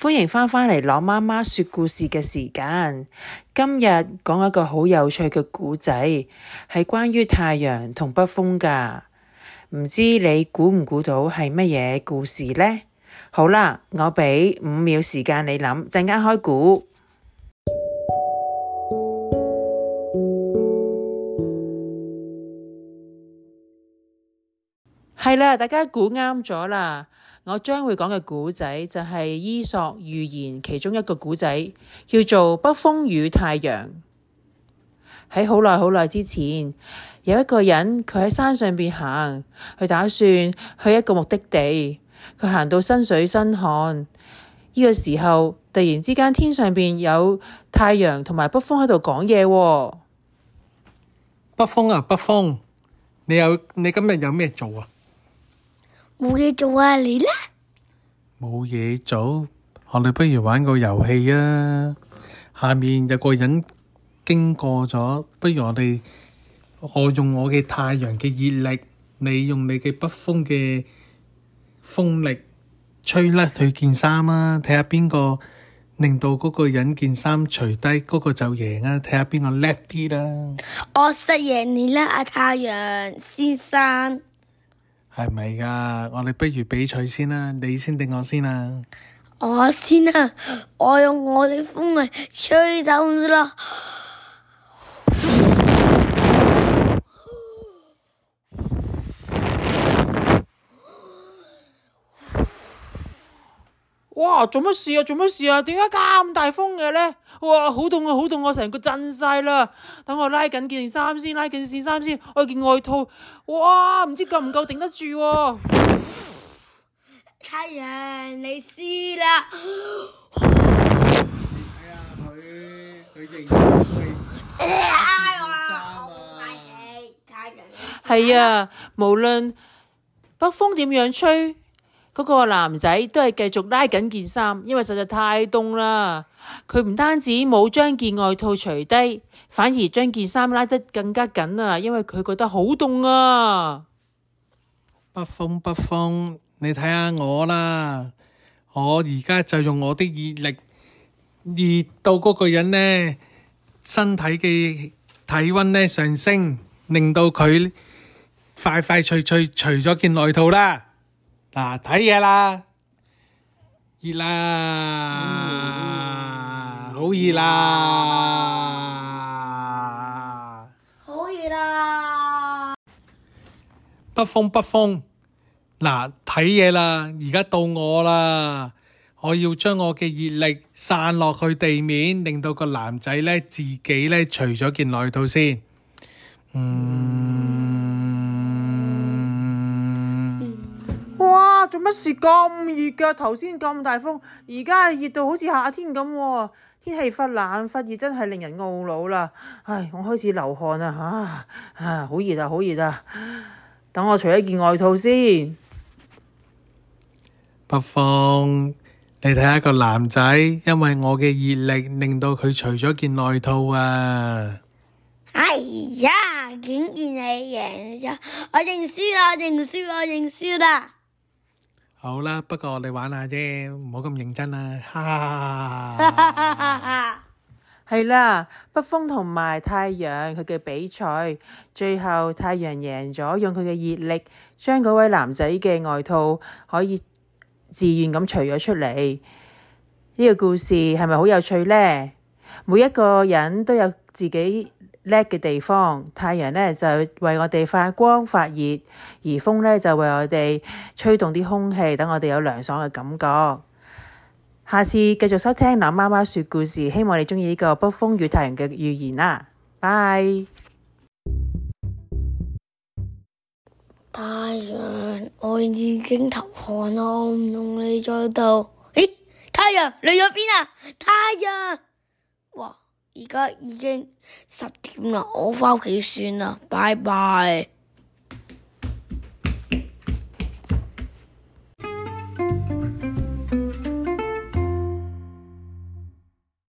歡迎返返嚟攞媽媽說故事嘅時間，今日講一個好有趣嘅故仔，係關於太陽同北風㗎。唔知你估唔估到係乜嘢故事呢？好啦，我畀五秒時間你諗，陣間開估。係啦，大家估啱咗啦。我將會講嘅古仔就係《伊索寓言》其中一個古仔，叫做《北風與太陽》。喺好耐好耐之前，有一個人佢喺山上邊行，佢打算去一個目的地。佢行到身水身汗，呢個時候突然之間天上邊有太陽同埋北風喺度講嘢。北風啊，北風，你有你今日有咩做啊？冇嘢做啊，你咧？冇嘢做，我哋不如玩個遊戲啊！下面有個人經過咗，不如我哋我用我嘅太陽嘅熱力，你用你嘅北風嘅風力吹甩佢件衫啊！睇下邊個令到嗰個人件衫除低，嗰個就贏啊！睇下邊個叻啲啦！我實贏你啦，阿太陽先生。係咪噶？我哋不如比賽先啦，你先定我先啦、啊。我先啦、啊，我用我的風嚟吹走咗啦。哇！做乜事啊？做乜事啊？點解咁大風嘅咧？哇！好凍啊！好凍啊成個震晒啦！等我拉緊件衫先，拉緊件衫先，先，我件外套。哇！唔知夠唔夠頂得住？太陽，你試啦。你睇下佢佢認咗佢件衫啊！太陽，係啊，無論北風點樣吹。嗰個男仔都係繼續拉緊件衫，因為實在太凍啦。佢唔單止冇將件外套除低，反而將件衫拉得更加緊啊，因為佢覺得好凍啊。北風，北風，你睇下我啦，我而家就用我的熱力，熱到嗰個人呢，身體嘅體溫呢，上升，令到佢快快脆脆除咗件外套啦。嗱，睇嘢、啊、啦，熱啦，嗯、好熱啦，好熱啦！北風，北風，嗱、啊，睇嘢啦，而家到我啦，我要將我嘅熱力散落去地面，令到個男仔咧自己咧除咗件外套先，嗯。嗯。做乜事咁熱噶、啊？頭先咁大風，而家熱到好似夏天咁、啊、天氣忽冷忽熱，真係令人懊惱啦。唉，我開始流汗啊！吓、啊、吓、啊，好熱啊！好熱啊！啊等我除一件外套先。北風，你睇下個男仔，因為我嘅熱力令到佢除咗件外套啊！哎呀，竟然你贏咗，我認輸啦！我認輸啦！我認輸啦！好啦，不過你玩下啫，唔好咁認真啦，哈哈哈！係啦，北風同埋太陽佢嘅比賽，最後太陽贏咗，用佢嘅熱力將嗰位男仔嘅外套可以自願咁除咗出嚟。呢個故事係咪好有趣呢？每一個人都有自己。叻嘅地方，太陽呢就為我哋發光發熱，而風呢就為我哋吹動啲空氣，等我哋有涼爽嘅感覺。下次繼續收聽懶媽媽說故事，希望你中意呢個北風與太陽嘅寓言啦。拜！太陽，我已經頭汗囉，唔用你再道。咦、欸，太陽你去咗邊啊？太陽！而家已經十點啦，我翻屋企算啦，拜拜。